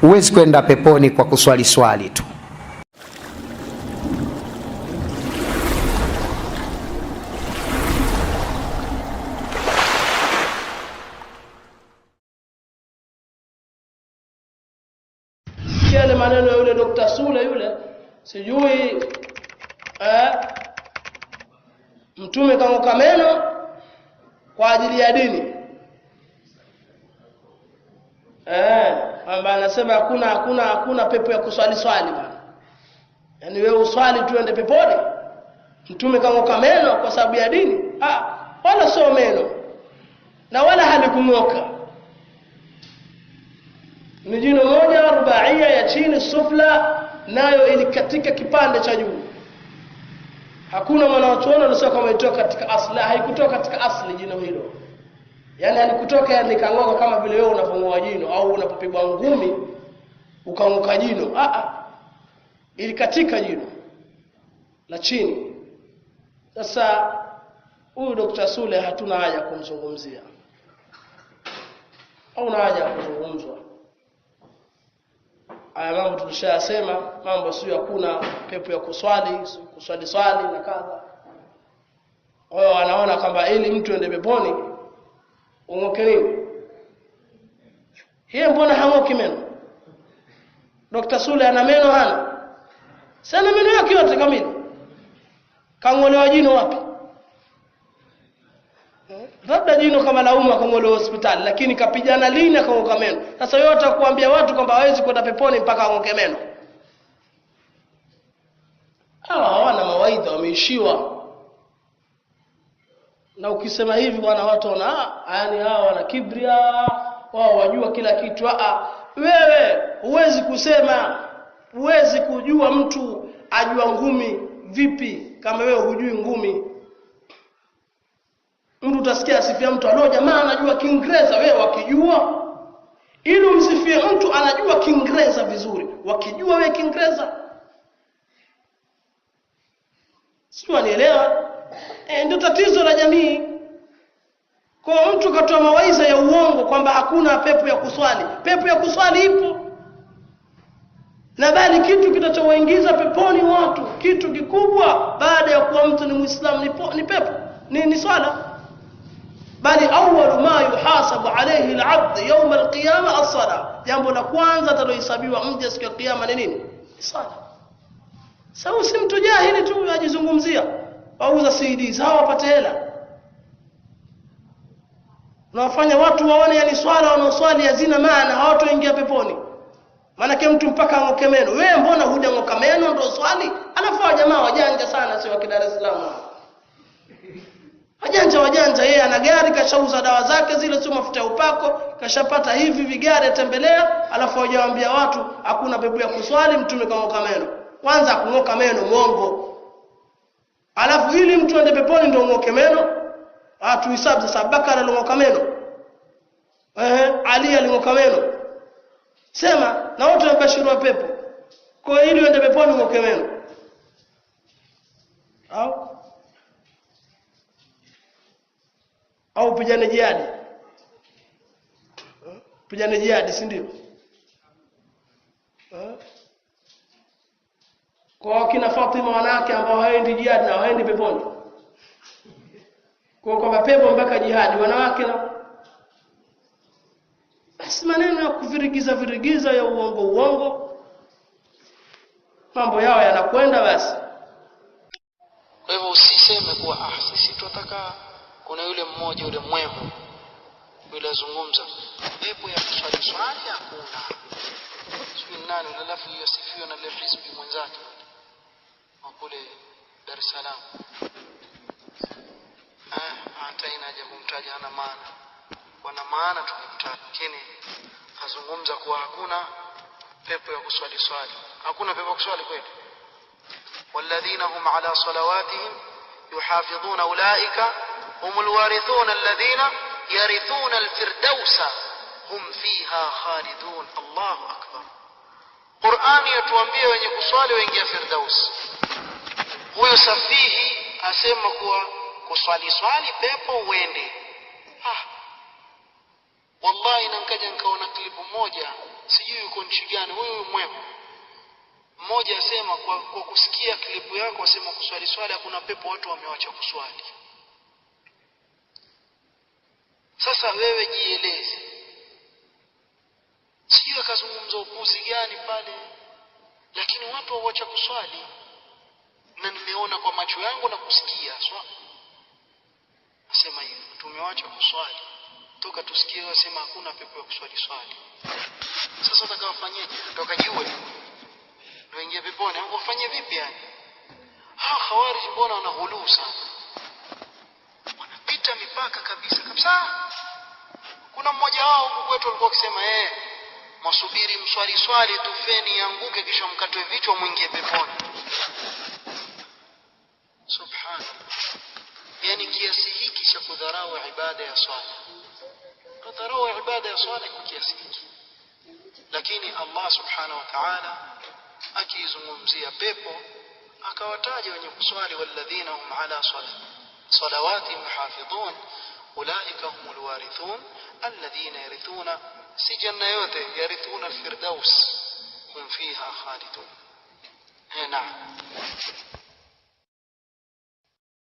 Huwezi kwenda peponi kwa kuswali swali tu. Yale maneno ya yule Dr. Sule yule, sijui eh, mtume kang'oka meno kwa ajili ya dini eh. Baba anasema hakuna hakuna hakuna pepo ya kuswali swali bwana. yaani wewe uswali tuende peponi mtume kang'oka meno kwa sababu ya dini ah wala sio meno na wala halikung'oka ni jino moja rubaia ya chini sufla nayo ilikatika kipande cha juu hakuna mwanachuoni anasema kama ilitoka katika asli haikutoka katika asli jino hilo yaani alikutoka yaani likang'oka kama vile wewe unavong'oa jino au unapopigwa ngumi ukang'oka jino ah ah ilikatika jino la chini sasa huyu Dr. Sule hatuna haja kumzungumzia na haja ya kuzungumzwa haya mambo tulishayasema mambo sio hakuna pepo ya kuswali kuswali swali na kadha kwa hiyo anaona kwamba ili mtu ende peponi ongokelewe yeye mbona hang'oki meno Dr. Sule ana meno hana sana meno yake yote kamili kang'olewa jino wapi labda jino kama lauma umma hospitali lakini kapijana lini akang'oka meno sasa wewe atakwambia watu kwamba hawezi kwenda peponi mpaka ang'oke meno hawa ah, hawana mawaidha wameishiwa na ukisema hivi bwana watu wana yaani hawa wana kibria wao wajua kila kitu ah wewe huwezi kusema huwezi kujua mtu ajua ngumi vipi kama wewe hujui ngumi mtu utasikia asifia mtu alio jamaa anajua kiingereza wewe wakijua ili umsifie mtu anajua kiingereza vizuri wakijua wewe kiingereza sio anielewa e, ndio tatizo la jamii kwa mtu katoa mawaidha ya uongo kwamba hakuna pepo ya kuswali pepo ya kuswali ipo nadhani kitu kitachowaingiza peponi watu kitu kikubwa baada ya kuwa mtu ni muislamu ni pepo ni, ni swala bali awwalu ma yuhasabu alayhi al-'abd yawm al-qiyama as-sala jambo la kwanza atalohesabiwa mja siku ya kiyama ni nini sala sasa si mtu jahili tu ajizungumzia wauza CD zao wapate hela unawafanya watu waone yani swala wanaoswali hazina maana hawatoingia peponi maanake mtu mpaka ang'oke meno wewe mbona hujang'oka meno ndio swali alafu hawa jamaa wajanja sana sio wa Dar es Salaam wajanja wajanja yeye ana gari kashauza dawa zake zile sio mafuta ya upako kashapata hivi vigari atembelea alafu hawajawaambia watu hakuna pepo ya kuswali mtume kang'oka meno kwanza kung'oka meno mwongo alafu ili mtu aende peponi ndio ngoke meno ah hisabu sasa Abubakar aling'oka meno eh Ali aling'oka meno sema na wote wabashiriwa pepo kwa ili uende peponi ng'oke meno au au pijane jihadi pijane jihadi si ndio kwa wakina Fatima wanawake ambao hawaendi jihad na hawaendi peponi kwa kwa mapepo mpaka jihadi wanawake na basi maneno ya kuvirigiza virigiza ya uongo uongo mambo yao yanakwenda basi kwa hivyo usiseme kuwa ah sisi tunataka kuna yule mmoja yule mwevu yule azungumza pepo ya kuswali swali hakuna sijui nani lafu hiyo sifio na lefrisbi mwenzake kule Dar es Salaam eh, hata inaja kumtaja hana maana, wana maana tukimtaja, lakini azungumza kuwa hakuna pepo ya kuswali swali, hakuna pepo ya kuswali kweli. walladhina hum ala salawatihim yuhafidhuna ulaika humul warithuna alladhina yarithuna alfirdausa hum fiha khalidun. Allahu akbar! Qur'ani yatuambia wenye kuswali waingia firdaus. Huyo safihi asema kuwa kuswali swali pepo uende. Ah, wallahi nankaja nkaona klipu moja, sijui yuko nchi gani huyu huyu mwepo mmoja asema kwa, kwa kusikia klipu yako asema kuswali swali hakuna pepo, watu wamewacha kuswali. Sasa wewe jieleze, sijui akazungumza upuzi gani pale, lakini watu wawacha kuswali na nimeona kwa macho yangu na kusikia swala. Asema hivi, tumewacha kuswali toka tusikie wasema hakuna pepo ya kuswali swali. Sasa utakawafanyaje? Toka jiwe ndio ingia peponi, au ufanye vipi? Yani hawa Khawarij, mbona wanaghuluu sana, wanapita mipaka kabisa kabisa. Kuna mmoja wao huko kwetu alikuwa akisema eh, mwasubiri mswali swali tufeni, yanguke, kisha mkatoe vichwa, mwingie peponi. subhana, yani kiasi hiki cha kudharau ibada ya swala. Kudharau ibada ya swala kwa kiasi hiki, lakini Allah subhanahu wa ta'ala akiizungumzia pepo akawataja wenye kuswali, walladhina hum ala salawatihim hafidhun ulaika humul warithun alladhina yarithuna, si janna yote, yarithuna alfirdaus hum fiha khalidun. Naam.